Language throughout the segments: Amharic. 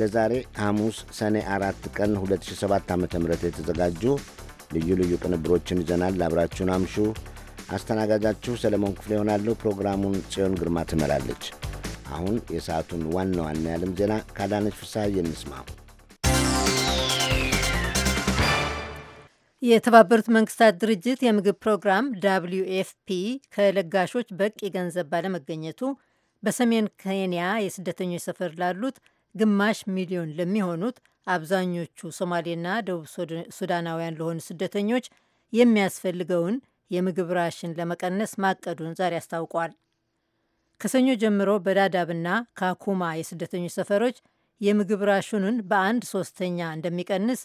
ለዛሬ ሐሙስ ሰኔ አራት ቀን 2007 ዓ ም የተዘጋጁ ልዩ ልዩ ቅንብሮችን ይዘናል። አብራችሁን አምሹ። አስተናጋጃችሁ ሰለሞን ክፍሌ ይሆናለሁ። ፕሮግራሙን ጽዮን ግርማ ትመራለች። አሁን የሰዓቱን ዋና ዋና የዓለም ዜና ካዳነች ፍስሐ እንስማ። የተባበሩት መንግስታት ድርጅት የምግብ ፕሮግራም ዳብሊው ኤፍፒ ከለጋሾች በቂ ገንዘብ ባለመገኘቱ በሰሜን ኬንያ የስደተኞች ሰፈር ላሉት ግማሽ ሚሊዮን ለሚሆኑት አብዛኞቹ ሶማሌና ደቡብ ሱዳናውያን ለሆኑ ስደተኞች የሚያስፈልገውን የምግብ ራሽን ለመቀነስ ማቀዱን ዛሬ አስታውቋል። ከሰኞ ጀምሮ በዳዳብና ካኩማ የስደተኞች ሰፈሮች የምግብ ራሹንን በአንድ ሶስተኛ እንደሚቀንስ፣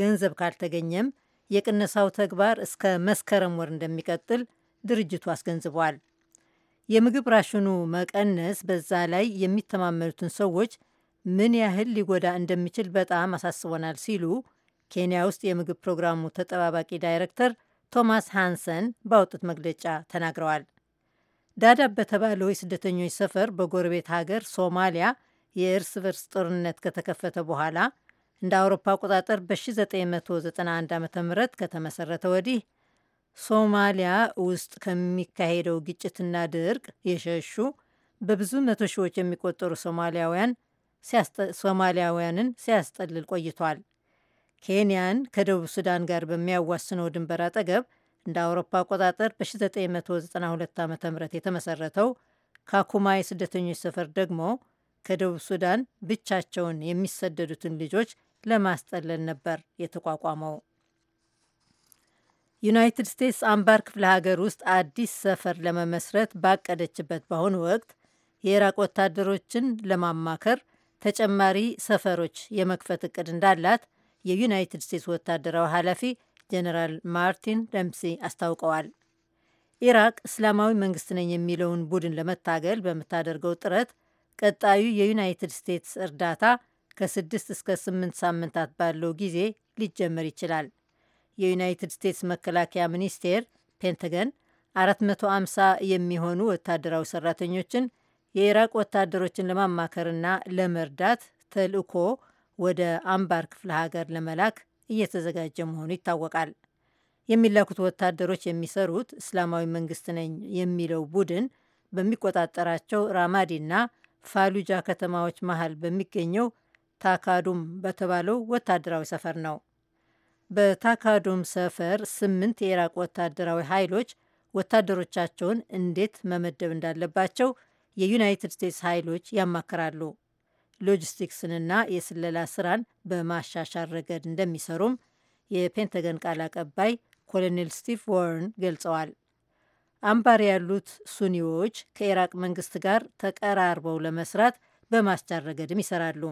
ገንዘብ ካልተገኘም የቅነሳው ተግባር እስከ መስከረም ወር እንደሚቀጥል ድርጅቱ አስገንዝቧል። የምግብ ራሽኑ መቀነስ በዛ ላይ የሚተማመኑትን ሰዎች ምን ያህል ሊጎዳ እንደሚችል በጣም አሳስቦናል ሲሉ ኬንያ ውስጥ የምግብ ፕሮግራሙ ተጠባባቂ ዳይሬክተር ቶማስ ሃንሰን ባወጡት መግለጫ ተናግረዋል። ዳዳብ በተባለው የስደተኞች ሰፈር በጎረቤት ሀገር ሶማሊያ የእርስ በርስ ጦርነት ከተከፈተ በኋላ እንደ አውሮፓ አቆጣጠር በ1991 ዓ ም ከተመሰረተ ወዲህ ሶማሊያ ውስጥ ከሚካሄደው ግጭትና ድርቅ የሸሹ በብዙ መቶ ሺዎች የሚቆጠሩ ሶማሊያውያን ሶማሊያውያንን ሲያስጠልል ቆይቷል። ኬንያን ከደቡብ ሱዳን ጋር በሚያዋስነው ድንበር አጠገብ እንደ አውሮፓ አቆጣጠር በ1992 ዓ ም የተመሰረተው ካኩማ የስደተኞች ሰፈር ደግሞ ከደቡብ ሱዳን ብቻቸውን የሚሰደዱትን ልጆች ለማስጠለል ነበር የተቋቋመው። ዩናይትድ ስቴትስ አምባር ክፍለ ሀገር ውስጥ አዲስ ሰፈር ለመመስረት ባቀደችበት በአሁኑ ወቅት የኢራቅ ወታደሮችን ለማማከር ተጨማሪ ሰፈሮች የመክፈት እቅድ እንዳላት የዩናይትድ ስቴትስ ወታደራዊ ኃላፊ ጀነራል ማርቲን ደምሲ አስታውቀዋል። ኢራቅ እስላማዊ መንግስት ነኝ የሚለውን ቡድን ለመታገል በምታደርገው ጥረት ቀጣዩ የዩናይትድ ስቴትስ እርዳታ ከስድስት እስከ ስምንት ሳምንታት ባለው ጊዜ ሊጀመር ይችላል። የዩናይትድ ስቴትስ መከላከያ ሚኒስቴር ፔንተገን 450 የሚሆኑ ወታደራዊ ሰራተኞችን የኢራቅ ወታደሮችን ለማማከርና ለመርዳት ተልእኮ ወደ አምባር ክፍለ ሀገር ለመላክ እየተዘጋጀ መሆኑ ይታወቃል። የሚላኩት ወታደሮች የሚሰሩት እስላማዊ መንግስት ነኝ የሚለው ቡድን በሚቆጣጠራቸው ራማዲና ፋሉጃ ከተማዎች መሀል በሚገኘው ታካዱም በተባለው ወታደራዊ ሰፈር ነው። በታካዱም ሰፈር ስምንት የኢራቅ ወታደራዊ ኃይሎች ወታደሮቻቸውን እንዴት መመደብ እንዳለባቸው የዩናይትድ ስቴትስ ኃይሎች ያማክራሉ። ሎጂስቲክስንና የስለላ ስራን በማሻሻል ረገድ እንደሚሰሩም የፔንተገን ቃል አቀባይ ኮሎኔል ስቲቭ ወርን ገልጸዋል። አምባር ያሉት ሱኒዎች ከኢራቅ መንግስት ጋር ተቀራርበው ለመስራት በማስቻል ረገድም ይሰራሉ።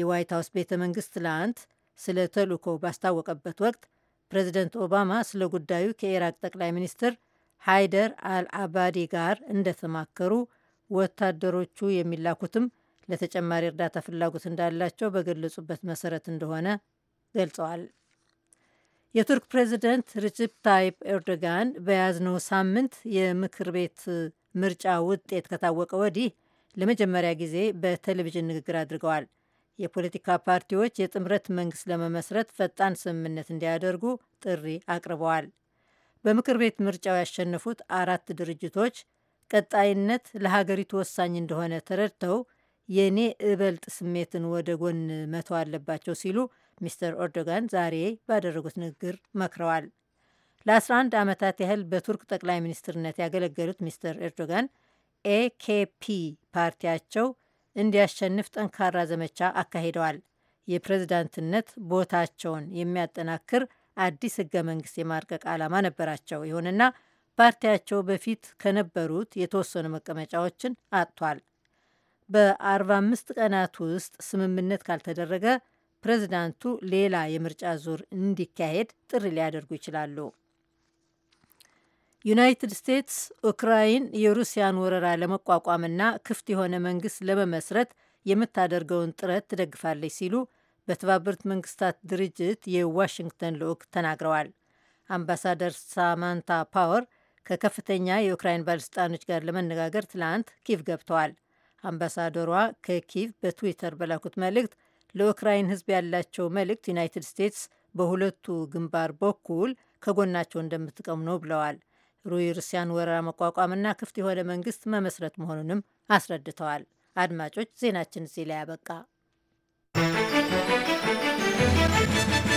የዋይት ሀውስ ቤተ መንግስት ትላንት ስለ ተልእኮ ባስታወቀበት ወቅት ፕሬዚደንት ኦባማ ስለ ጉዳዩ ከኢራቅ ጠቅላይ ሚኒስትር ሃይደር አልአባዲ ጋር እንደተማከሩ ወታደሮቹ የሚላኩትም ለተጨማሪ እርዳታ ፍላጎት እንዳላቸው በገለጹበት መሰረት እንደሆነ ገልጸዋል። የቱርክ ፕሬዚደንት ሪጀፕ ታይፕ ኤርዶጋን በያዝነው ሳምንት የምክር ቤት ምርጫ ውጤት ከታወቀ ወዲህ ለመጀመሪያ ጊዜ በቴሌቪዥን ንግግር አድርገዋል። የፖለቲካ ፓርቲዎች የጥምረት መንግስት ለመመስረት ፈጣን ስምምነት እንዲያደርጉ ጥሪ አቅርበዋል። በምክር ቤት ምርጫው ያሸነፉት አራት ድርጅቶች ቀጣይነት ለሀገሪቱ ወሳኝ እንደሆነ ተረድተው የእኔ እበልጥ ስሜትን ወደ ጎን መተው አለባቸው ሲሉ ሚስተር ኤርዶጋን ዛሬ ባደረጉት ንግግር መክረዋል። ለ11 ዓመታት ያህል በቱርክ ጠቅላይ ሚኒስትርነት ያገለገሉት ሚስተር ኤርዶጋን ኤኬፒ ፓርቲያቸው እንዲያሸንፍ ጠንካራ ዘመቻ አካሂደዋል። የፕሬዝዳንትነት ቦታቸውን የሚያጠናክር አዲስ ህገ መንግስት የማርቀቅ ዓላማ ነበራቸው። ይሁንና ፓርቲያቸው በፊት ከነበሩት የተወሰኑ መቀመጫዎችን አጥቷል። በ45 ቀናት ውስጥ ስምምነት ካልተደረገ ፕሬዚዳንቱ ሌላ የምርጫ ዙር እንዲካሄድ ጥሪ ሊያደርጉ ይችላሉ። ዩናይትድ ስቴትስ ኡክራይን የሩሲያን ወረራ ለመቋቋምና ክፍት የሆነ መንግስት ለመመስረት የምታደርገውን ጥረት ትደግፋለች ሲሉ በተባበሩት መንግስታት ድርጅት የዋሽንግተን ልዑክ ተናግረዋል። አምባሳደር ሳማንታ ፓወር ከከፍተኛ የዩክራይን ባለሥልጣኖች ጋር ለመነጋገር ትላንት ኪቭ ገብተዋል። አምባሳደሯ ከኪቭ በትዊተር በላኩት መልእክት ለዩክራይን ሕዝብ ያላቸው መልእክት ዩናይትድ ስቴትስ በሁለቱ ግንባር በኩል ከጎናቸው እንደምትቀሙ ነው ብለዋል። ሩይ ሩሲያን ወረራ መቋቋምና ክፍት የሆነ መንግስት መመስረት መሆኑንም አስረድተዋል። አድማጮች ዜናችን እዚህ ላይ you.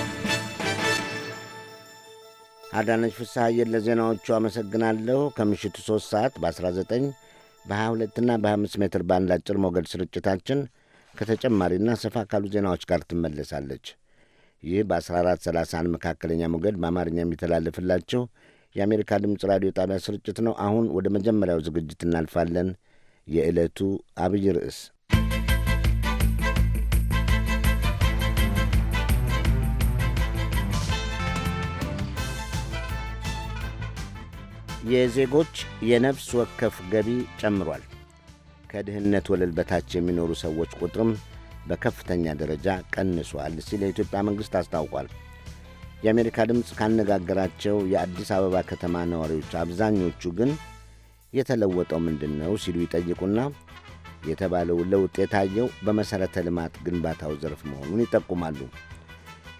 አዳነች ፍስሐዬን ለዜናዎቹ አመሰግናለሁ። ከምሽቱ 3 ሰዓት በ19 በ22ና በ25 ሜትር ባንድ አጭር ሞገድ ስርጭታችን ከተጨማሪና ሰፋ ካሉ ዜናዎች ጋር ትመለሳለች። ይህ በ1431 መካከለኛ ሞገድ በአማርኛ የሚተላለፍላቸው የአሜሪካ ድምፅ ራዲዮ ጣቢያ ስርጭት ነው። አሁን ወደ መጀመሪያው ዝግጅት እናልፋለን። የዕለቱ አብይ ርዕስ የዜጎች የነፍስ ወከፍ ገቢ ጨምሯል። ከድህነት ወለል በታች የሚኖሩ ሰዎች ቁጥርም በከፍተኛ ደረጃ ቀንሷል ሲል የኢትዮጵያ መንግሥት አስታውቋል። የአሜሪካ ድምፅ ካነጋገራቸው የአዲስ አበባ ከተማ ነዋሪዎች አብዛኞቹ ግን የተለወጠው ምንድን ነው ሲሉ ይጠይቁና የተባለው ለውጥ የታየው በመሠረተ ልማት ግንባታው ዘርፍ መሆኑን ይጠቁማሉ።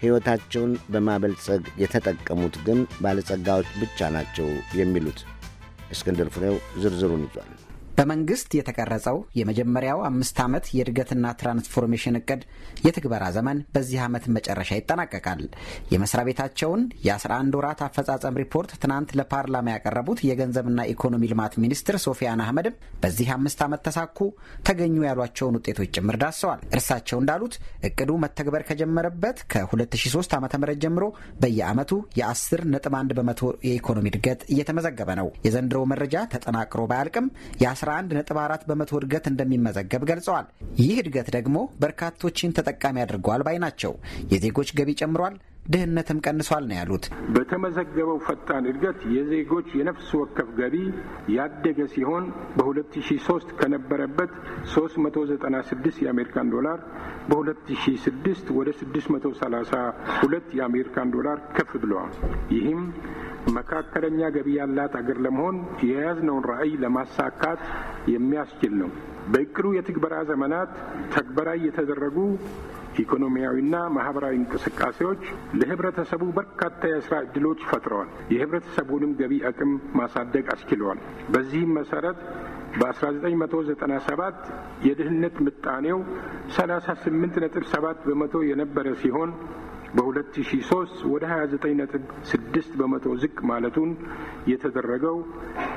ሕይወታቸውን በማበልጸግ የተጠቀሙት ግን ባለጸጋዎች ብቻ ናቸው የሚሉት እስክንድር ፍሬው ዝርዝሩን ይዟል። በመንግስት የተቀረጸው የመጀመሪያው አምስት ዓመት የእድገትና ትራንስፎርሜሽን እቅድ የትግበራ ዘመን በዚህ ዓመት መጨረሻ ይጠናቀቃል። የመስሪያ ቤታቸውን የ11 ወራት አፈጻጸም ሪፖርት ትናንት ለፓርላማ ያቀረቡት የገንዘብና ኢኮኖሚ ልማት ሚኒስትር ሶፊያን አህመድም በዚህ አምስት ዓመት ተሳኩ ተገኙ ያሏቸውን ውጤቶች ጭምር ዳሰዋል። እርሳቸው እንዳሉት እቅዱ መተግበር ከጀመረበት ከ2003 ዓ ም ጀምሮ በየዓመቱ የ 1 በመቶ የኢኮኖሚ እድገት እየተመዘገበ ነው። የዘንድሮ መረጃ ተጠናቅሮ ባያልቅም የ 11.4 በመቶ እድገት እንደሚመዘገብ ገልጸዋል። ይህ እድገት ደግሞ በርካቶችን ተጠቃሚ አድርገዋል ባይ ናቸው። የዜጎች ገቢ ጨምሯል፣ ድህነትም ቀንሷል ነው ያሉት። በተመዘገበው ፈጣን እድገት የዜጎች የነፍስ ወከፍ ገቢ ያደገ ሲሆን በ2003 ከነበረበት 396 የአሜሪካን ዶላር በ2006 ወደ 632 የአሜሪካን ዶላር ከፍ ብለዋል። ይህም መካከለኛ ገቢ ያላት አገር ለመሆን የያዝነውን ራዕይ ለማሳካት የሚያስችል ነው። በእቅዱ የትግበራ ዘመናት ተግበራዊ የተደረጉ ኢኮኖሚያዊና ማህበራዊ እንቅስቃሴዎች ለህብረተሰቡ በርካታ የስራ እድሎች ፈጥረዋል። የህብረተሰቡንም ገቢ አቅም ማሳደግ አስችለዋል። በዚህም መሰረት በ1997 የድህነት ምጣኔው 38.7 በመቶ የነበረ ሲሆን በ2003 ወደ 29.6 በመቶ ዝቅ ማለቱን የተደረገው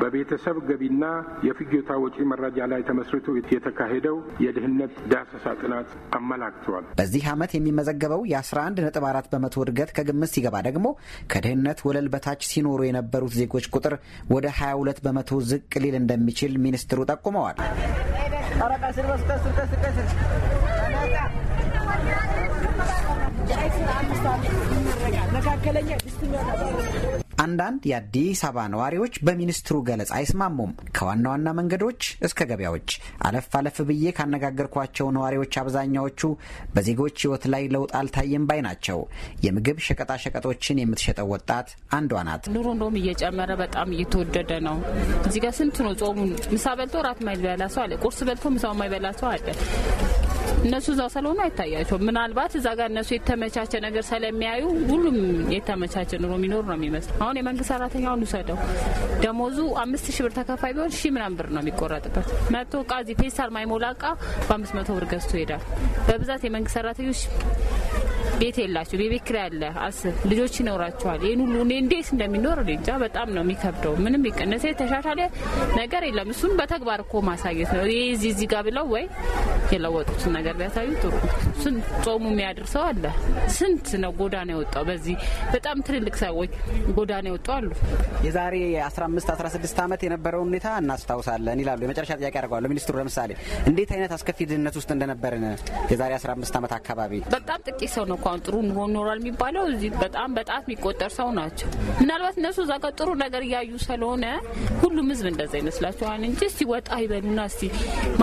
በቤተሰብ ገቢና የፍጆታ ወጪ መረጃ ላይ ተመስርቶ የተካሄደው የድህነት ዳሰሳ ጥናት አመላክተዋል። በዚህ ዓመት የሚመዘገበው የ11.4 በመቶ እድገት ከግምት ሲገባ ደግሞ ከድህነት ወለል በታች ሲኖሩ የነበሩት ዜጎች ቁጥር ወደ 22 በመቶ ዝቅ ሊል እንደሚችል ሚኒስትሩ ጠቁመዋል። አንዳንድ የአዲስ አበባ ነዋሪዎች በሚኒስትሩ ገለጻ አይስማሙም። ከዋና ዋና መንገዶች እስከ ገበያዎች አለፍ አለፍ ብዬ ካነጋገርኳቸው ነዋሪዎች አብዛኛዎቹ በዜጎች ሕይወት ላይ ለውጥ አልታየም ባይ ናቸው። የምግብ ሸቀጣሸቀጦችን የምትሸጠው ወጣት አንዷ ናት። ኑሮ እንደውም እየጨመረ በጣም እየተወደደ ነው። እዚህ ጋር ስንት ነው ጾሙ? ምሳ በልቶ ራት ማይበላ ሰው አለ። ቁርስ በልቶ ምሳው ማይበላ ሰው አለ። እነሱ እዛ ስለሆኑ አይታያቸውም። ምናልባት እዛ ጋር እነሱ የተመቻቸ ነገር ስለሚያዩ ሁሉም የተመቻቸ ኑሮ የሚኖር ነው የሚመስለው። አሁን የመንግስት ሁሉ ሰደው ደሞዙ አምስት ሺ ብር ተከፋይ ቢሆን ሺ ምናምን ብር ነው የሚቆረጥበት። መቶ እቃ እዚህ ፔስታል ማይሞላ እቃ በአምስት መቶ ብር ገዝቶ ይሄዳል። በብዛት የመንግስት ሰራተኞች ቤት የላቸው የቤት ኪራይ አለ። አስብ ልጆች ይኖራቸዋል። ይህን ሁሉ እኔ እንዴት እንደሚኖር እንጃ። በጣም ነው የሚከብደው። ምንም ይቀነሰ የተሻሻለ ነገር የለም። እሱም በተግባር እኮ ማሳየት ነው። ይህ እዚህ እዚህ ጋር ብለው ወይ የለወጡትን ነገር ቢያሳዩ ጥሩ ነው። ስንት ጾሙ የሚያድር ሰው አለ። ስንት ነው ጎዳና የወጣው። በዚህ በጣም ትልልቅ ሰዎች ጎዳና የወጡ አሉ። የዛሬ 15 16 ዓመት የነበረውን ሁኔታ እናስታውሳለን ይላሉ። የመጨረሻ ጥያቄ አድርገዋለሁ ሚኒስትሩ። ለምሳሌ እንዴት አይነት አስከፊ ድህነት ውስጥ እንደነበርን የዛሬ 15 ዓመት አካባቢ በጣም ጥቂት ሰው ነው እንኳን ጥሩ ኑሮ ኖሯል የሚባለው። እዚህ በጣም በጣት የሚቆጠር ሰው ናቸው። ምናልባት እነሱ እዛ ጋር ጥሩ ነገር እያዩ ስለሆነ ሁሉም ህዝብ እንደዛ ይመስላችኋል እንጂ እስቲ ወጣ ይበሉና እስቲ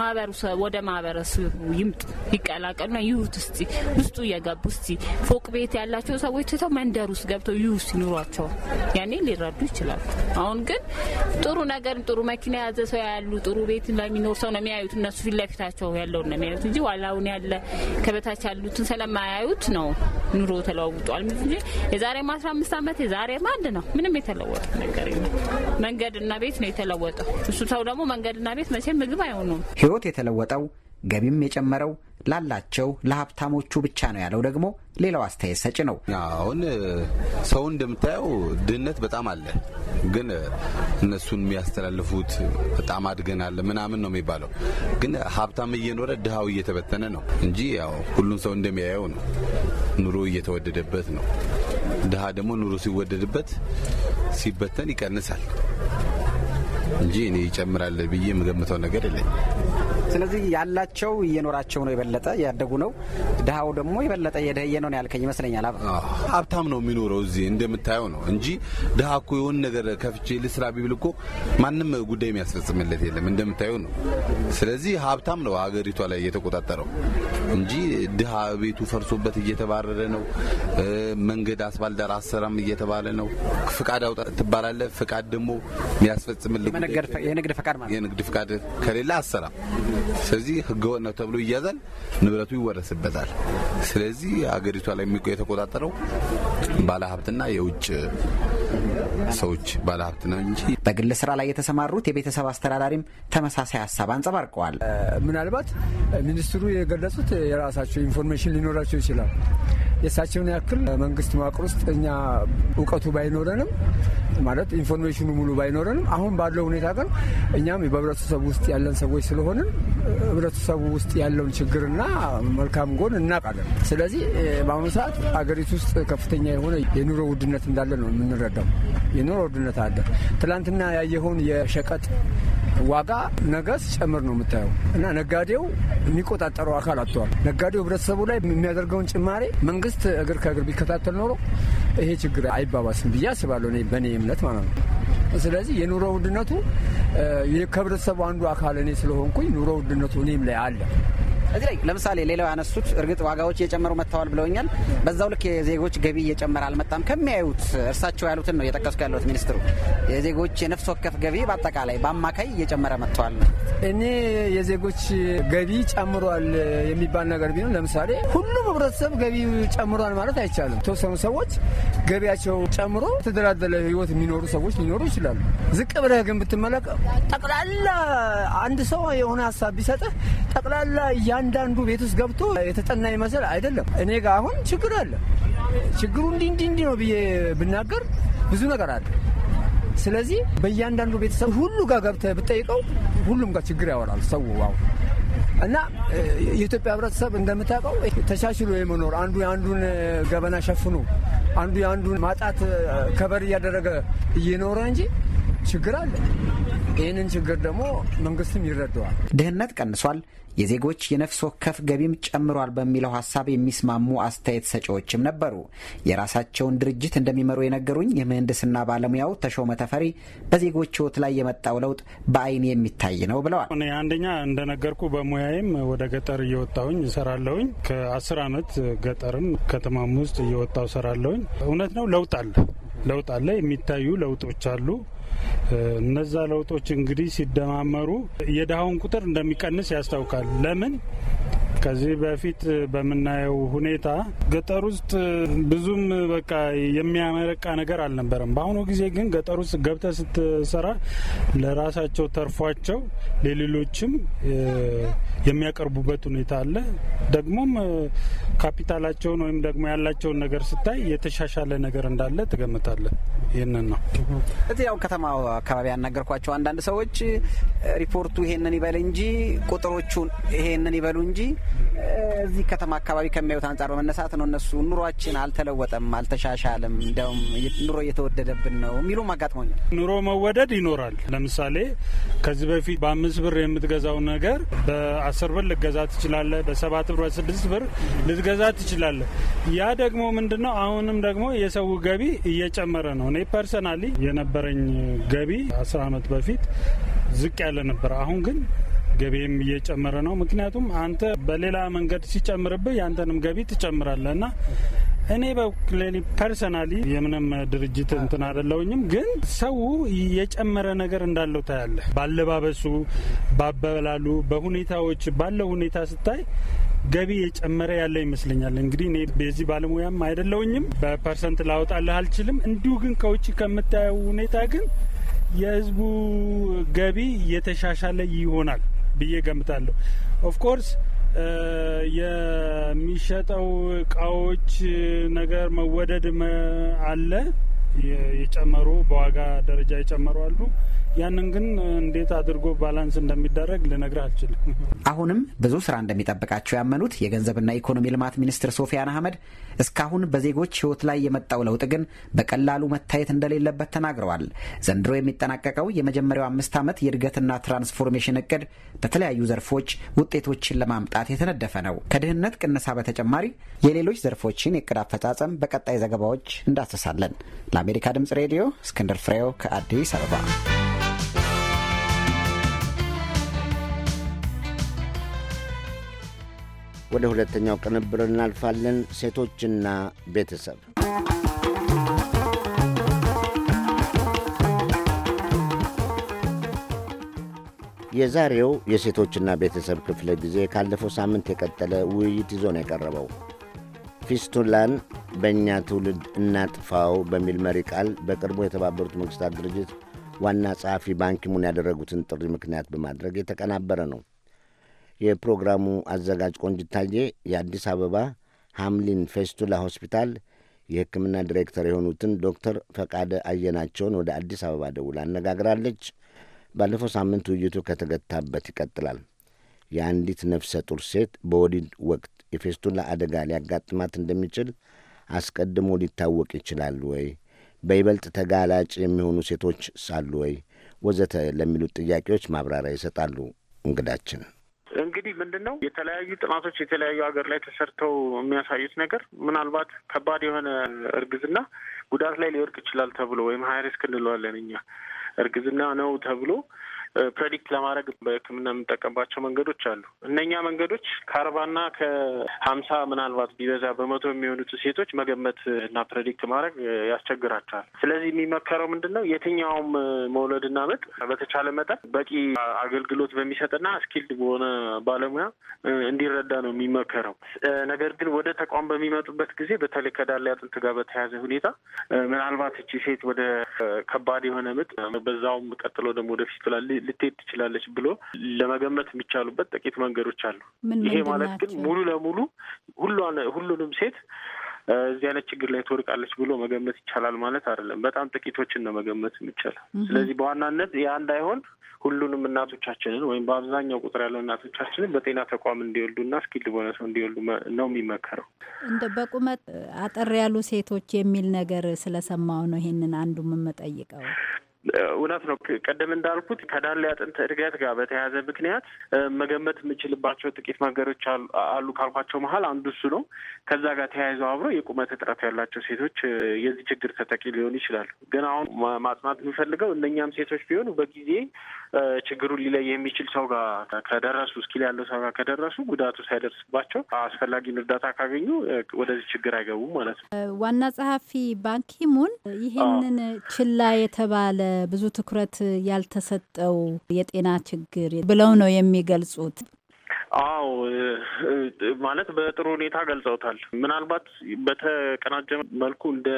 ማህበረሰብ ወደ ማህበረሰቡ ይምጡ ይቀላቀሉና ይሁ ያሉት እስቲ ውስጡ እየገቡ እስቲ ፎቅ ቤት ያላቸው ሰዎች ትተው መንደር ውስጥ ገብተው ይዩ ሲኑሯቸው ያኔ ሊረዱ ይችላሉ። አሁን ግን ጥሩ ነገር ጥሩ መኪና የያዘ ሰው ያሉ ጥሩ ቤት ለሚኖር ሰው ነው የሚያዩት። እነሱ ፊት ለፊታቸው ያለውን ነው የሚያዩት እንጂ ዋላውን ያለ ከበታች ያሉትን ስለማያዩት ነው ኑሮ ተለዋውጧል እንጂ የዛሬ አስራ አምስት አመት የዛሬ አንድ ነው። ምንም የተለወጠ ነገር መንገድና ቤት ነው የተለወጠው። እሱ ሰው ደግሞ መንገድና ቤት መቼም ምግብ አይሆኑም። ህይወት የተለወጠው ገቢም የጨመረው ላላቸው ለሀብታሞቹ ብቻ ነው ያለው ደግሞ ሌላው አስተያየት ሰጭ ነው። አሁን ሰው እንደምታየው ድህነት በጣም አለ፣ ግን እነሱን የሚያስተላልፉት በጣም አድገናል ምናምን ነው የሚባለው። ግን ሀብታም እየኖረ ድሃው እየተበተነ ነው እንጂ ያው ሁሉም ሰው እንደሚያየው ነው። ኑሮ እየተወደደበት ነው። ድሃ ደግሞ ኑሮ ሲወደድበት ሲበተን ይቀንሳል እንጂ እኔ ይጨምራል ብዬ የምገምተው ነገር የለኝም። ስለዚህ ያላቸው እየኖራቸው ነው የበለጠ ያደጉ ነው፣ ድሃው ደግሞ የበለጠ የደየ ነው ያልከኝ ይመስለኛል። ሀብታም ነው የሚኖረው እዚህ እንደምታየው ነው እንጂ ድሃ እኮ የሆን ነገር ከፍቼ ልስራ ቢብል እኮ ማንም ጉዳይ የሚያስፈጽምለት የለም እንደምታየው ነው። ስለዚህ ሀብታም ነው ሀገሪቷ ላይ እየተቆጣጠረው እንጂ ድሃ ቤቱ ፈርሶበት እየተባረረ ነው። መንገድ አስባልዳር ዳር አሰራም እየተባለ ነው። ፍቃድ አውጣ ትባላለ። ፍቃድ ደግሞ የሚያስፈጽምልህ የንግድ ፍቃድ ከሌለ አሰራም ስለዚህ ህገወጥ ነው ተብሎ ይያዛል፣ ንብረቱ ይወረስበታል። ስለዚህ አገሪቷ ላይ የተቆጣጠረው ባለሀብትና የውጭ ሰዎች ባለሀብት ነው እንጂ በግል ስራ ላይ የተሰማሩት የቤተሰብ አስተዳዳሪም ተመሳሳይ ሀሳብ አንጸባርቀዋል። ምናልባት ሚኒስትሩ የገለጹት የራሳቸው ኢንፎርሜሽን ሊኖራቸው ይችላል። የእሳቸውን ያክል መንግስት መዋቅር ውስጥ እኛ እውቀቱ ባይኖረንም ማለት ኢንፎርሜሽኑ ሙሉ ባይኖረንም፣ አሁን ባለው ሁኔታ ግን እኛም በህብረተሰቡ ውስጥ ያለን ሰዎች ስለሆንን ህብረተሰቡ ውስጥ ያለውን ችግርና መልካም ጎን እናውቃለን። ስለዚህ በአሁኑ ሰዓት አገሪቱ ውስጥ ከፍተኛ የሆነ የኑሮ ውድነት እንዳለ ነው የምንረዳው። የኑሮ ውድነት አለ። ትላንትና ያየኸውን የሸቀጥ ዋጋ ነገስ ጨምር ነው የምታየው። እና ነጋዴው የሚቆጣጠረው አካል አጥተዋል። ነጋዴው ህብረተሰቡ ላይ የሚያደርገውን ጭማሬ መንግስት እግር ከእግር ቢከታተል ኖሮ ይሄ ችግር አይባባስም ብዬ አስባለሁ፣ በእኔ እምነት ማለት ነው። ስለዚህ የኑሮ ውድነቱ ከህብረተሰቡ አንዱ አካል እኔ ስለሆንኩኝ ኑሮ ውድነቱ እኔም ላይ አለ። እዚህ ላይ ለምሳሌ ሌላው ያነሱት እርግጥ ዋጋዎች እየጨመሩ መጥተዋል ብለውኛል። በዛው ልክ የዜጎች ገቢ እየጨመረ አልመጣም ከሚያዩት እርሳቸው ያሉትን ነው እየጠቀስኩ ያለሁት ሚኒስትሩ የዜጎች የነፍስ ወከፍ ገቢ በአጠቃላይ በአማካይ እየጨመረ መጥተዋል ነው። እኔ የዜጎች ገቢ ጨምሯል የሚባል ነገር ቢሆን ለምሳሌ ሁሉም ህብረተሰብ ገቢ ጨምሯል ማለት አይቻልም። የተወሰኑ ሰዎች ገቢያቸው ጨምሮ የተደላደለ ህይወት የሚኖሩ ሰዎች ሊኖሩ ይችላሉ። ዝቅ ብለህ ግን ብትመለከ ጠቅላላ አንድ ሰው የሆነ ሀሳብ ቢሰጥህ ጠቅላላ እያ እያንዳንዱ ቤት ውስጥ ገብቶ የተጠና ይመስል አይደለም። እኔ ጋር አሁን ችግር አለ። ችግሩ እንዲህ እንዲህ እንዲህ ነው ብዬ ብናገር ብዙ ነገር አለ። ስለዚህ በእያንዳንዱ ቤተሰብ ሁሉ ጋር ገብተህ ብጠይቀው ሁሉም ጋር ችግር ያወራል ሰው አሁን እና የኢትዮጵያ ህብረተሰብ እንደምታውቀው ተቻችሎ የመኖር አንዱ የአንዱን ገበና ሸፍኖ አንዱ የአንዱን ማጣት ከበር እያደረገ እየኖረ እንጂ ችግር አለ። ይህንን ችግር ደግሞ መንግስትም ይረዳዋል። ድህነት ቀንሷል፣ የዜጎች የነፍስ ወከፍ ገቢም ጨምሯል በሚለው ሀሳብ የሚስማሙ አስተያየት ሰጪዎችም ነበሩ። የራሳቸውን ድርጅት እንደሚመሩ የነገሩኝ የምህንድስና ባለሙያው ተሾመ ተፈሪ በዜጎች ህይወት ላይ የመጣው ለውጥ በአይን የሚታይ ነው ብለዋል። እኔ አንደኛ እንደነገርኩ በሙያዬም ወደ ገጠር እየወጣሁኝ እሰራለሁኝ። ከአስር አመት ገጠርም ከተማም ውስጥ እየወጣሁ እሰራለሁኝ። እውነት ነው ለውጥ አለ፣ ለውጥ አለ፣ የሚታዩ ለውጦች አሉ። እነዛ ለውጦች እንግዲህ ሲደማመሩ የድሃውን ቁጥር እንደሚቀንስ ያስታውቃል። ለምን ከዚህ በፊት በምናየው ሁኔታ ገጠር ውስጥ ብዙም በቃ የሚያመረቃ ነገር አልነበረም። በአሁኑ ጊዜ ግን ገጠር ውስጥ ገብተ ስትሰራ ለራሳቸው ተርፏቸው ለሌሎችም የሚያቀርቡበት ሁኔታ አለ። ደግሞም ካፒታላቸውን ወይም ደግሞ ያላቸውን ነገር ስታይ የተሻሻለ ነገር እንዳለ ትገምታለ ይህንን ነው እዚህ ያው ከተማ አካባቢ ያናገርኳቸው አንዳንድ ሰዎች ሪፖርቱ ይሄንን ይበል እንጂ ቁጥሮቹን ይሄንን ይበሉ እንጂ እዚህ ከተማ አካባቢ ከሚያዩት አንጻር በመነሳት ነው። እነሱ ኑሯችን አልተለወጠም፣ አልተሻሻልም፣ እንደውም ኑሮ እየተወደደብን ነው የሚሉም አጋጥሞኛል። ኑሮ መወደድ ይኖራል። ለምሳሌ ከዚህ በፊት በአምስት ብር የምትገዛው ነገር በአስር ብር ልገዛ ትችላለ፣ በሰባት ብር፣ በስድስት ብር ልትገዛ ትችላለህ። ያ ደግሞ ምንድን ነው? አሁንም ደግሞ የሰው ገቢ እየጨመረ ነው። እኔ ፐርሰናሊ የነበረኝ ገቢ አስር አመት በፊት ዝቅ ያለ ነበር። አሁን ግን ገቢም እየጨመረ ነው። ምክንያቱም አንተ በሌላ መንገድ ሲጨምርብህ ያንተንም ገቢ ትጨምራለህ እና እኔ በኩሌ ፐርሰናሊ የምንም ድርጅት እንትን አደለውኝም፣ ግን ሰው የጨመረ ነገር እንዳለው ታያለህ። ባለባበሱ፣ ባበላሉ፣ በሁኔታዎች ባለው ሁኔታ ስታይ ገቢ የጨመረ ያለ ይመስለኛል። እንግዲህ እኔ በዚህ ባለሙያም አይደለውኝም፣ በፐርሰንት ላወጣልህ አልችልም። እንዲሁ ግን ከውጭ ከምታየው ሁኔታ ግን የህዝቡ ገቢ የተሻሻለ ይሆናል። ብዬ ገምታለሁ። ኦፍኮርስ የሚሸጠው እቃዎች ነገር መወደድ አለ። የጨመሩ በዋጋ ደረጃ የጨመሩ አሉ። ያንን ግን እንዴት አድርጎ ባላንስ እንደሚደረግ ልነግር አልችልም። አሁንም ብዙ ስራ እንደሚጠብቃቸው ያመኑት የገንዘብና ኢኮኖሚ ልማት ሚኒስትር ሶፊያን አህመድ እስካሁን በዜጎች ሕይወት ላይ የመጣው ለውጥ ግን በቀላሉ መታየት እንደሌለበት ተናግረዋል። ዘንድሮ የሚጠናቀቀው የመጀመሪያው አምስት ዓመት የእድገትና ትራንስፎርሜሽን እቅድ በተለያዩ ዘርፎች ውጤቶችን ለማምጣት የተነደፈ ነው። ከድህነት ቅነሳ በተጨማሪ የሌሎች ዘርፎችን የእቅድ አፈጻጸም በቀጣይ ዘገባዎች እንዳሰሳለን። ለአሜሪካ ድምፅ ሬዲዮ እስክንድር ፍሬው ከአዲስ አበባ። ወደ ሁለተኛው ቅንብር እናልፋለን። ሴቶችና ቤተሰብ የዛሬው የሴቶችና ቤተሰብ ክፍለ ጊዜ ካለፈው ሳምንት የቀጠለ ውይይት ይዞ ነው የቀረበው። ፊስቱላን በእኛ ትውልድ እናጥፋው በሚል መሪ ቃል በቅርቡ የተባበሩት መንግሥታት ድርጅት ዋና ጸሐፊ ባንኪሙን ያደረጉትን ጥሪ ምክንያት በማድረግ የተቀናበረ ነው። የፕሮግራሙ አዘጋጅ ቆንጅታዬ የአዲስ አበባ ሐምሊን ፌስቱላ ሆስፒታል የሕክምና ዲሬክተር የሆኑትን ዶክተር ፈቃደ አየናቸውን ወደ አዲስ አበባ ደውላ አነጋግራለች። ባለፈው ሳምንት ውይይቱ ከተገታበት ይቀጥላል። የአንዲት ነፍሰ ጡር ሴት በወሊድ ወቅት የፌስቱላ አደጋ ሊያጋጥማት እንደሚችል አስቀድሞ ሊታወቅ ይችላል ወይ? በይበልጥ ተጋላጭ የሚሆኑ ሴቶች ሳሉ ወይ? ወዘተ ለሚሉት ጥያቄዎች ማብራሪያ ይሰጣሉ እንግዳችን። እንግዲህ ምንድን ነው የተለያዩ ጥናቶች የተለያዩ ሀገር ላይ ተሰርተው የሚያሳዩት ነገር ምናልባት ከባድ የሆነ እርግዝና ጉዳት ላይ ሊወርቅ ይችላል ተብሎ ወይም ሀይ ሪስክ እንለዋለን እኛ እርግዝና ነው ተብሎ ፕሬዲክት ለማድረግ በህክምና የምንጠቀምባቸው መንገዶች አሉ። እነኛ መንገዶች ከአርባና ከሀምሳ ምናልባት ቢበዛ በመቶ የሚሆኑት ሴቶች መገመት እና ፕሬዲክት ማድረግ ያስቸግራቸዋል። ስለዚህ የሚመከረው ምንድን ነው? የትኛውም መውለድና ምጥ በተቻለ መጠን በቂ አገልግሎት በሚሰጥና ስኪልድ በሆነ ባለሙያ እንዲረዳ ነው የሚመከረው። ነገር ግን ወደ ተቋም በሚመጡበት ጊዜ በተለይ ከዳሌ አጥንት ጋር በተያያዘ ሁኔታ ምናልባት እቺ ሴት ወደ ከባድ የሆነ ምጥ በዛውም ቀጥሎ ደግሞ ወደፊት ፊስቱላ ልትሄድ ትችላለች ብሎ ለመገመት የሚቻሉበት ጥቂት መንገዶች አሉ። ይሄ ማለት ግን ሙሉ ለሙሉ ሁሉንም ሴት እዚህ አይነት ችግር ላይ ትወድቃለች ብሎ መገመት ይቻላል ማለት አይደለም። በጣም ጥቂቶችን ነው መገመት የሚቻል። ስለዚህ በዋናነት ያ እንዳይሆን ሁሉንም እናቶቻችንን ወይም በአብዛኛው ቁጥር ያለው እናቶቻችንን በጤና ተቋም እንዲወልዱና ስኪል በሆነ ሰው እንዲወልዱ ነው የሚመከረው። እንደ በቁመት አጠር ያሉ ሴቶች የሚል ነገር ስለሰማው ነው ይሄንን አንዱ የምመጠይቀው። እውነት ነው። ቀደም እንዳልኩት ከዳሌ አጥንት እድገት ጋር በተያያዘ ምክንያት መገመት የምችልባቸው ጥቂት መንገዶች አሉ ካልኳቸው መሀል አንዱ እሱ ነው። ከዛ ጋር ተያይዘው አብሮ የቁመት እጥረት ያላቸው ሴቶች የዚህ ችግር ተጠቂ ሊሆኑ ይችላሉ። ግን አሁን ማጽናት የምፈልገው እነኛም ሴቶች ቢሆኑ በጊዜ ችግሩን ሊለይ የሚችል ሰው ጋር ከደረሱ እስኪል ያለው ሰው ጋር ከደረሱ ጉዳቱ ሳይደርስባቸው አስፈላጊውን እርዳታ ካገኙ ወደዚህ ችግር አይገቡም ማለት ነው። ዋና ጸሐፊ ባንኪሙን ይህንን ችላ የተባለ ብዙ ትኩረት ያልተሰጠው የጤና ችግር ብለው ነው የሚገልጹት። አዎ ማለት በጥሩ ሁኔታ ገልጸውታል። ምናልባት በተቀናጀ መልኩ እንደ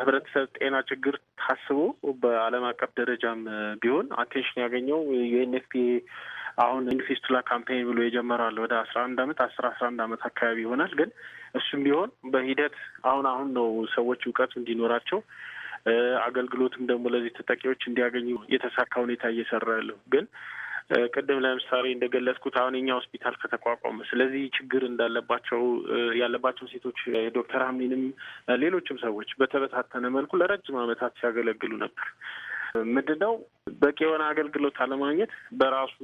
ህብረተሰብ ጤና ችግር ታስቦ በዓለም አቀፍ ደረጃም ቢሆን አቴንሽን ያገኘው ዩኤንኤፍፒኤ አሁን ኢንፊስቱላ ካምፔን ብሎ የጀመራል ወደ አስራ አንድ አመት አስር አስራ አንድ አመት አካባቢ ይሆናል። ግን እሱም ቢሆን በሂደት አሁን አሁን ነው ሰዎች እውቀቱ እንዲኖራቸው አገልግሎትም ደግሞ ለዚህ ተጠቂዎች እንዲያገኙ የተሳካ ሁኔታ እየሰራ ያለው ግን ቅድም ለምሳሌ እንደገለጽኩት አሁን የኛ ሆስፒታል ከተቋቋመ ስለዚህ ችግር እንዳለባቸው ያለባቸው ሴቶች ዶክተር አሚንም ሌሎችም ሰዎች በተበታተነ መልኩ ለረጅም ዓመታት ሲያገለግሉ ነበር። ምንድነው በቂ የሆነ አገልግሎት አለማግኘት በራሱ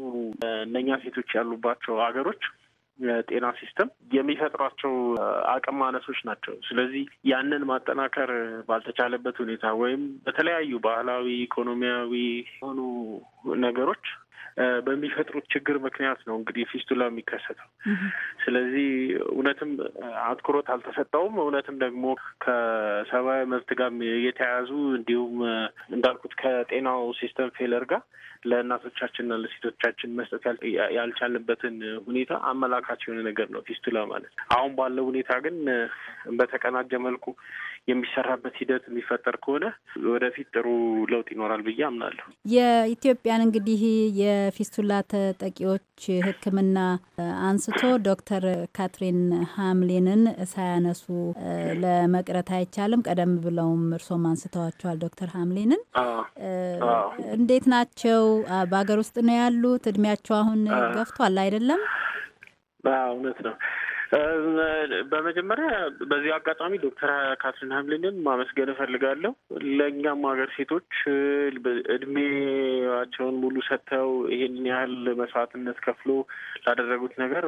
እነኛ ሴቶች ያሉባቸው ሀገሮች ጤና ሲስተም የሚፈጥሯቸው አቅም ማነሶች ናቸው። ስለዚህ ያንን ማጠናከር ባልተቻለበት ሁኔታ ወይም በተለያዩ ባህላዊ፣ ኢኮኖሚያዊ የሆኑ ነገሮች በሚፈጥሩት ችግር ምክንያት ነው እንግዲህ ፊስቱላ የሚከሰተው። ስለዚህ እውነትም አትኩሮት አልተሰጠውም። እውነትም ደግሞ ከሰብአዊ መብት ጋር የተያያዙ እንዲሁም እንዳልኩት ከጤናው ሲስተም ፌለር ጋር ለእናቶቻችንና ለሴቶቻችን መስጠት ያልቻልንበትን ሁኔታ አመላካች የሆነ ነገር ነው ፊስቱላ ማለት። አሁን ባለው ሁኔታ ግን በተቀናጀ መልኩ የሚሰራበት ሂደት የሚፈጠር ከሆነ ወደፊት ጥሩ ለውጥ ይኖራል ብዬ አምናለሁ። የኢትዮጵያን እንግዲህ የፊስቱላ ተጠቂዎች ሕክምና አንስቶ ዶክተር ካትሪን ሀምሊንን ሳያነሱ ለመቅረት አይቻልም። ቀደም ብለውም እርሶም አንስተዋቸዋል ዶክተር ሀምሊንን። እንዴት ናቸው? በሀገር ውስጥ ነው ያሉት? እድሜያቸው አሁን ገፍቷል አይደለም? እውነት ነው። በመጀመሪያ በዚህ አጋጣሚ ዶክተር ካትሪን ሀምሊንን ማመስገን እፈልጋለሁ። ለእኛም ሀገር ሴቶች እድሜያቸውን ሙሉ ሰጥተው ይህን ያህል መስዋዕትነት ከፍሎ ላደረጉት ነገር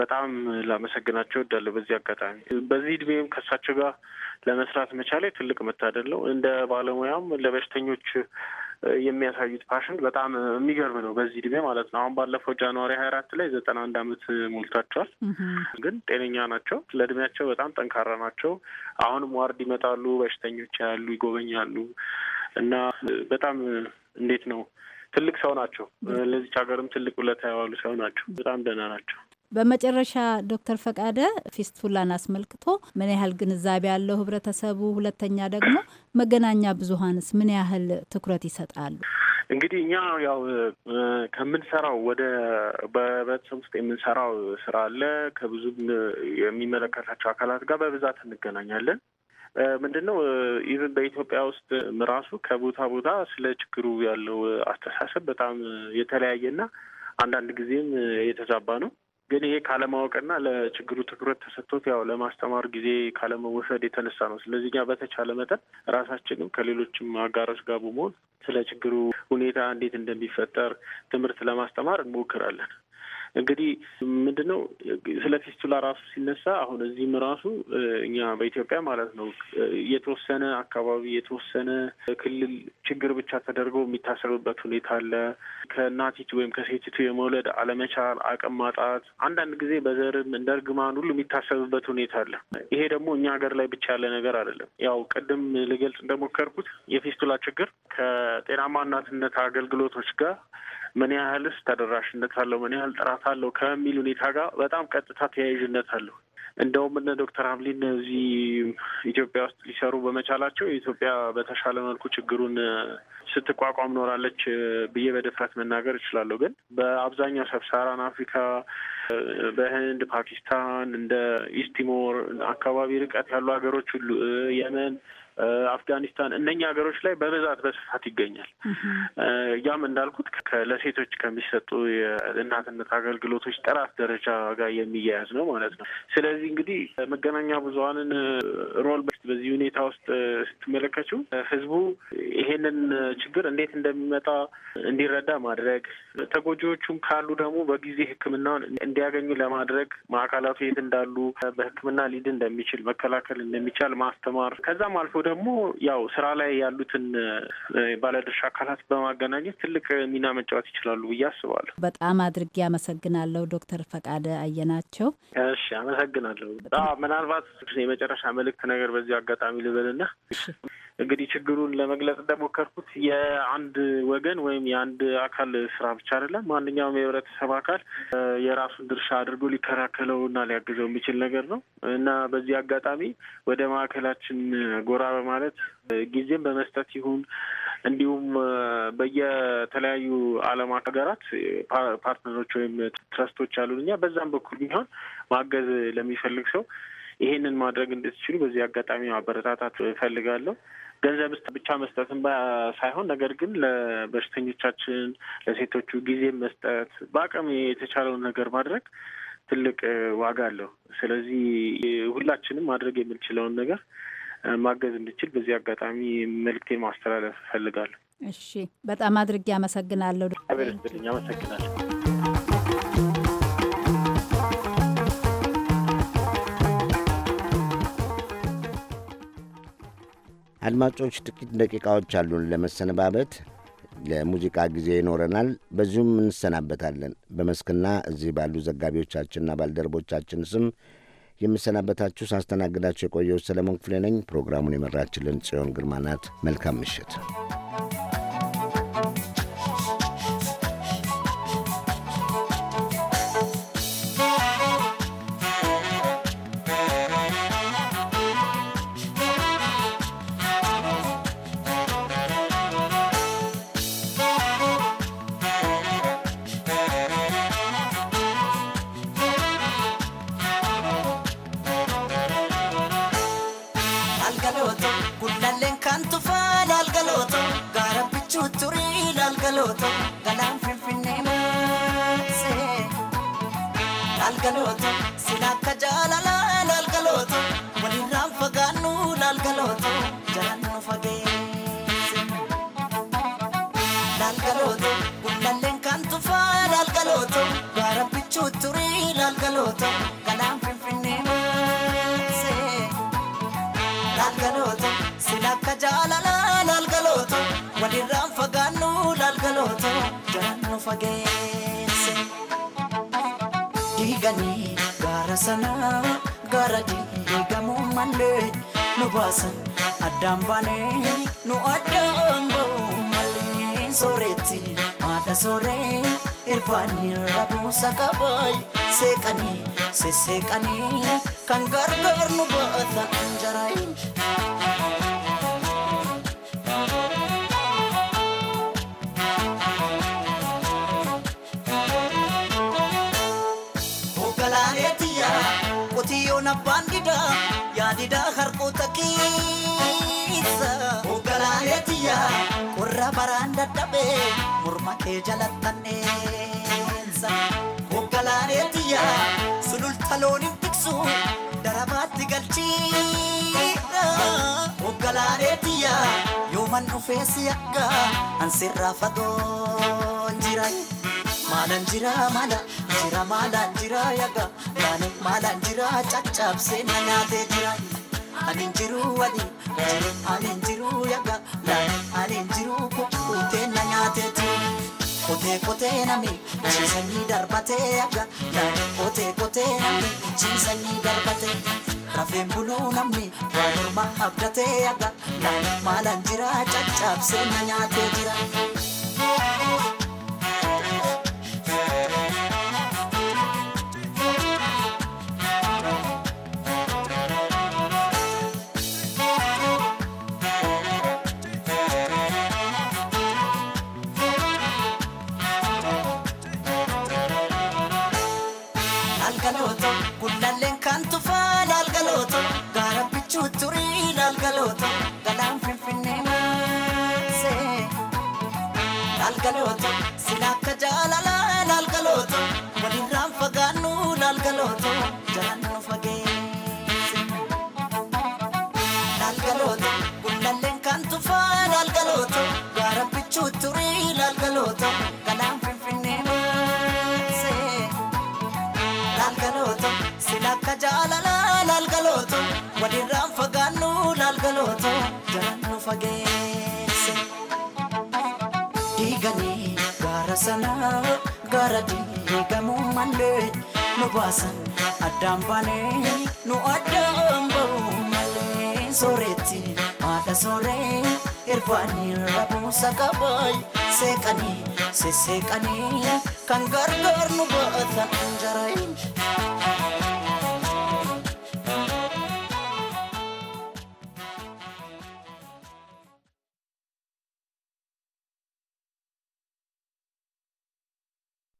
በጣም ላመሰግናቸው እወዳለሁ። በዚህ አጋጣሚ በዚህ እድሜም ከእሳቸው ጋር ለመስራት መቻሌ ትልቅ መታደል ነው። እንደ ባለሙያም ለበሽተኞች የሚያሳዩት ፓሽን በጣም የሚገርም ነው። በዚህ እድሜ ማለት ነው። አሁን ባለፈው ጃንዋሪ ሀያ አራት ላይ ዘጠና አንድ አመት ሞልቷቸዋል። ግን ጤነኛ ናቸው። ለእድሜያቸው በጣም ጠንካራ ናቸው። አሁንም ዋርድ ይመጣሉ፣ በሽተኞች ያሉ ይጎበኛሉ እና በጣም እንዴት ነው ትልቅ ሰው ናቸው። ለዚች ሀገርም ትልቅ ውለታ ያዋሉ ሰው ናቸው። በጣም ደህና ናቸው። በመጨረሻ ዶክተር ፈቃደ ፊስቱላን አስመልክቶ ምን ያህል ግንዛቤ ያለው ህብረተሰቡ፣ ሁለተኛ ደግሞ መገናኛ ብዙሀንስ ምን ያህል ትኩረት ይሰጣሉ? እንግዲህ እኛ ያው ከምንሰራው ወደ በህብረተሰብ ውስጥ የምንሰራው ስራ አለ። ከብዙ የሚመለከታቸው አካላት ጋር በብዛት እንገናኛለን። ምንድን ነው ኢቨን በኢትዮጵያ ውስጥ ራሱ ከቦታ ቦታ ስለ ችግሩ ያለው አስተሳሰብ በጣም የተለያየና አንዳንድ ጊዜም የተዛባ ነው። ግን ይሄ ካለማወቅና ለችግሩ ትኩረት ተሰጥቶት ያው ለማስተማር ጊዜ ካለመወሰድ የተነሳ ነው። ስለዚህ እኛ በተቻለ መጠን ራሳችንም ከሌሎችም አጋሮች ጋር በመሆን ስለ ችግሩ ሁኔታ እንዴት እንደሚፈጠር ትምህርት ለማስተማር እንሞክራለን። እንግዲህ ምንድነው ስለ ፊስቱላ ራሱ ሲነሳ አሁን እዚህም ራሱ እኛ በኢትዮጵያ ማለት ነው የተወሰነ አካባቢ የተወሰነ ክልል ችግር ብቻ ተደርጎ የሚታሰብበት ሁኔታ አለ። ከእናቲቱ ወይም ከሴቲቱ የመውለድ አለመቻል፣ አቅም ማጣት፣ አንዳንድ ጊዜ በዘርም እንደ እርግማን ሁሉ የሚታሰብበት ሁኔታ አለ። ይሄ ደግሞ እኛ ሀገር ላይ ብቻ ያለ ነገር አይደለም። ያው ቅድም ልገልጽ እንደሞከርኩት የፊስቱላ ችግር ከጤናማ እናትነት አገልግሎቶች ጋር ምን ያህልስ ተደራሽነት አለው፣ ምን ያህል ጥራት አለው ከሚል ሁኔታ ጋር በጣም ቀጥታ ተያያዥነት አለው። እንደውም እነ ዶክተር ሀምሊን እዚህ ኢትዮጵያ ውስጥ ሊሰሩ በመቻላቸው የኢትዮጵያ በተሻለ መልኩ ችግሩን ስትቋቋም ኖራለች ብዬ በድፍረት መናገር እችላለሁ። ግን በአብዛኛው ሰብሳራን አፍሪካ፣ በህንድ፣ ፓኪስታን፣ እንደ ኢስቲሞር አካባቢ ርቀት ያሉ ሀገሮች ሁሉ የመን አፍጋኒስታን እነኛ ሀገሮች ላይ በብዛት በስፋት ይገኛል። ያም እንዳልኩት ለሴቶች ከሚሰጡ የእናትነት አገልግሎቶች ጥራት ደረጃ ጋር የሚያያዝ ነው ማለት ነው። ስለዚህ እንግዲህ መገናኛ ብዙሀንን ሮል በዚህ ሁኔታ ውስጥ ስትመለከቱ ህዝቡ ይሄንን ችግር እንዴት እንደሚመጣ እንዲረዳ ማድረግ፣ ተጎጂዎቹን ካሉ ደግሞ በጊዜ ሕክምናውን እንዲያገኙ ለማድረግ ማዕከላቱ የት እንዳሉ በሕክምና ሊድ እንደሚችል መከላከል እንደሚቻል ማስተማር፣ ከዛም አልፎ ደግሞ ያው ስራ ላይ ያሉትን ባለድርሻ አካላት በማገናኘት ትልቅ ሚና መጫወት ይችላሉ ብዬ አስባለሁ። በጣም አድርጌ አመሰግናለሁ ዶክተር ፈቃደ አየናቸው። እሺ አመሰግናለሁ። ምናልባት የመጨረሻ መልእክት ነገር በዚ አጋጣሚ ልበልልህ። እንግዲህ ችግሩን ለመግለጽ እንደሞከርኩት የአንድ ወገን ወይም የአንድ አካል ስራ ብቻ አይደለም። ማንኛውም የህብረተሰብ አካል የራሱን ድርሻ አድርጎ ሊከላከለውና ሊያግዘው የሚችል ነገር ነው እና በዚህ አጋጣሚ ወደ ማዕከላችን ጎራ በማለት ጊዜም በመስጠት ይሁን እንዲሁም በየተለያዩ ዓለም ሀገራት ፓርትነሮች ወይም ትረስቶች አሉን እኛ በዛም በኩል ቢሆን ማገዝ ለሚፈልግ ሰው ይሄንን ማድረግ እንድትችሉ በዚህ አጋጣሚ ማበረታታት እፈልጋለሁ። ገንዘብ ብቻ መስጠትን ሳይሆን ነገር ግን ለበሽተኞቻችን፣ ለሴቶቹ ጊዜ መስጠት፣ በአቅም የተቻለውን ነገር ማድረግ ትልቅ ዋጋ አለው። ስለዚህ ሁላችንም ማድረግ የምንችለውን ነገር ማገዝ እንድችል በዚህ አጋጣሚ መልክቴን ማስተላለፍ እፈልጋለሁ። እሺ፣ በጣም አድርጌ አመሰግናለሁ። አመሰግናለሁ። አድማጮች ጥቂት ደቂቃዎች አሉን ለመሰነባበት። ለሙዚቃ ጊዜ ይኖረናል። በዚሁም እንሰናበታለን። በመስክና እዚህ ባሉ ዘጋቢዎቻችንና ባልደረቦቻችን ስም የምሰናበታችሁ ሳስተናግዳችሁ የቆየው ሰለሞን ክፍሌ ነኝ። ፕሮግራሙን የመራችልን ጽዮን ግርማ ናት። መልካም ምሽት። sin akka jaalalaa laalgaloota walirraan fagaannu laalgaloota jalaan fageesse. Diiganii gaara sanaa gaara diigamuu malee nu baasan addaan baanee nu addaan ba'u malee sooretti haadha sooree. irbaanii rabuusa kabaay seeqanii sesseeqanii kan gargaar nu baata anjaraay. Qotiyyoon abbaan didaa yaadidaa harkoota keessa. Hogganaalee tiyyaa qorra baraan dadhabee morma kee jalatti annee. miidhaa oggalaalee biyya yooman dhufee si akka an sirraa fadoon jira maalan jira maala jira maalan jira yaga maani maalan jira caccabsee na nyaatee jira anin jiru wali anin jiru yaga laani anin jiru kukkuutee na nyaatee jira. Kotee kotee namni ciisanii darbatee yaga laani kotee kotee namni ciisanii darbatee. hafeen buluu namni waanuma abdatee yaga naan maalan jira caccabsee na Dhaalgalooto jalaan nu fageesse. Dhaalgalooto gundalleen kan tufa dhaalgalooto gaara bichuu turii dhaalgalooto finfinnee maase. Dhaalgalooto sila akka jaalalaa dhaalgalooto walirraan fagaannu dhaalgalooto jalaan nu fageesse. Diiganii gaara sanaa gaara diigamuu malee. nu baasan addaan nu addaan ba'u malee sooretti haadha sooree irbaanii rabuusa qabaay seeqanii sesseeqanii kan gargaar nu baatan jaraayin.